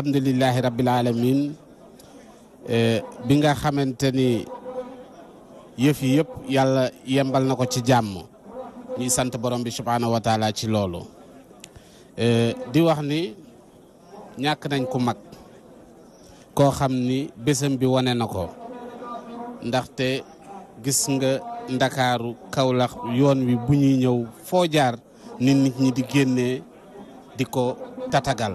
alhamdulilahi rabbil alamin eh, bi nga xamante ni yëf yi yëpp yàlla yembal na ko ci jàmm ñuy sant borom bi subhaanahu wa taala ci loolu eh, di wax ni ñàkk nañ ku mag koo xam ni bésam bi wane na ko ndaxte gis nga ndakaaru kawlax yoon wi bu ñuy ñëw foo jaar nit nit ñi di génnee di ko tatagal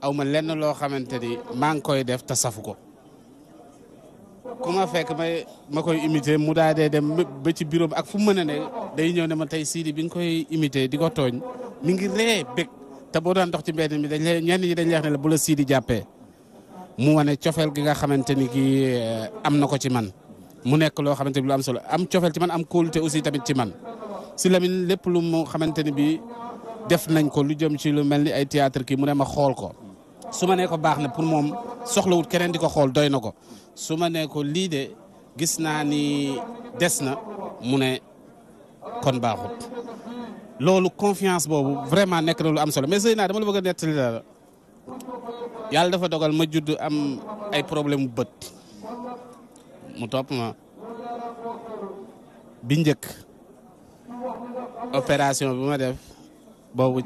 aw ma lenn loo xamante ni maa ngi koy def ta safu ko ku ma fekk may ma koy imité mu daa dee dem ba ci bureau ak fu mu mën a ne day ñëw ne ma tey Sidy bi nga koy imité di ko tooñ mi ngi ree bég te boo doon dox ci mbedd mi dañ ñenn ñi dañ lay wax ne la bu jàppee mu wane cofeel gi nga xamante ni kii eh, am na ko ci man mu nekk loo xamante ni lu am solo am cofeel ci man am kóolute aussi tamit ci man si Lamine lépp lu mu xamante ni bi def nañ ko lu jëm ci lu mel ni ay théâtre ki mu ne ma xool ko su ma nee ko baax na pour moom soxlawul keneen di ko xool doy na ko su ma nee ko lii de gis naa ni des na mu ne kon baaxut loolu confiance boobu vraiment nekk na lu am solo mais sëy naa dama la bëgg a nettali la yàlla dafa dogal ma judd am ay problème mu bët mu top ma bi njëkk opération bi ma def boobu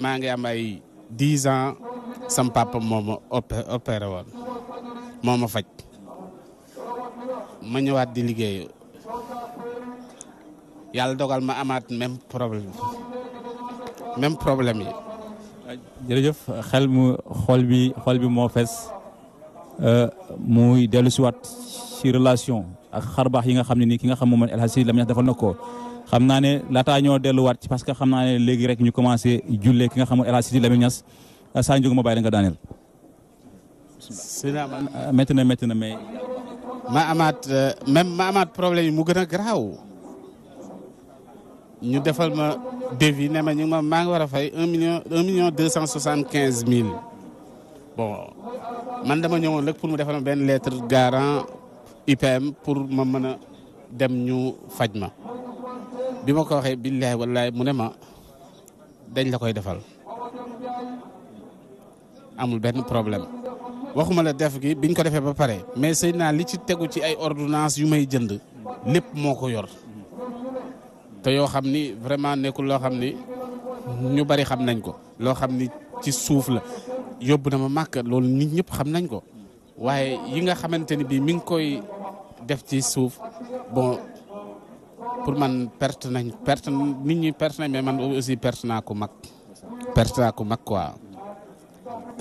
maa ngi am ay dix ans sam papa moo ma opéré woon moo ma faj ma ñëwaat di liggéey yàlla dogal ma amaat même problème même problème yi. jërëjëf xel mu xool bi xol bi moo fees euh, muy dellu siwaat ci relation ak xarbaax yi nga xam ne nii ki nga xam moom El Hadj Sidi Lamine defal ko xam naa ne laataa ñoo delluwaat parce que xam naa ne léegi rek ñu commencé jullee ki nga xam moom Sidi Lamine Ah, saa njóg ma bàyyi la nga daaneel ah, métti na métti ma amaat euh, même ma amaat problème yi mu gën a garaaw ñu defal ma devis ne ma ñu ma maa ngi war a fay un million un million deux cent soixante quinze mille bon man dama ñëwoon rek pour mu defal ma benn lettre garant IPM pour ma mën a dem ñu faj ma bi ma ko waxee billahi wallahi mu ne ma dañ la koy defal amul benn problème waxuma la def gi biñ ko defee ba pare mais sey naa li ci tegu ci ay ordonnance yu may jënd lépp moo ko yor te yoo xam ni vraiment nekkul loo xam ni ñu bari xam nañ ko loo xam ni ci suuf la yóbbu na ma màkk loolu nit ñëpp xam nañ ko waaye yi nga xamante ni bii mi ngi koy def ci suuf bon pour man perte nañ perte nit ñi perte nañ mais man aussi perte naa ku mag perte naa ku mag quoi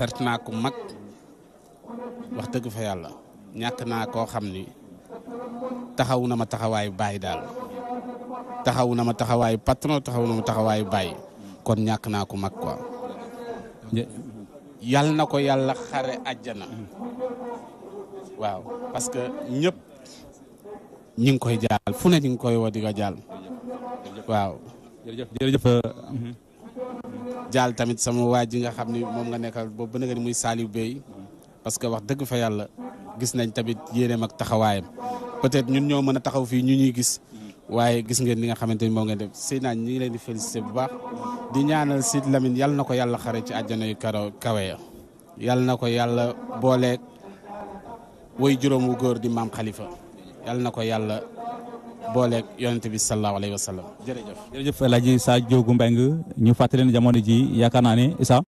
perte naa ku mag wax dëgg fa yàlla ñàkk naa koo xam ni taxaw na ma taxawaayu baay daal taxaw na ma taxawaayu patron taxaw na ma taxawaayu baay kon ñàkk naa ku mag ko yàlla na ko yàlla xare àjjana waaw parce que ñëpp ñi ngi koy jaal fu ne ñi koy woo di ko waaw. Euh, mhm. jaal tamit sama waa ji nga xam ni moom nga nekkal boobu ba nga ni muy Saliou parce que wax dëgg fa yàlla gis nañ tamit yéeneem ak taxawaayam peut-être ñun ñoo mën a taxaw fii ñu ñuy gis waaye gis ngeen li nga xamante ni moo ngeen def sëy ñu ngi leen di félicité bu baax di ñaanal Sidy Lamine yal na ko yàlla xare ci àjjana yu karo kawe ya na ko yàlla booleek woy juróom wu góor di maam Khalifa yal na ko yàlla booleeg yonente bi sallallahu alayhi wa sallam jërëjëf. jërëjëf El Hadj Sa Ndiogou ñu fàttali leen jamono ji yaakaar naa ne Issa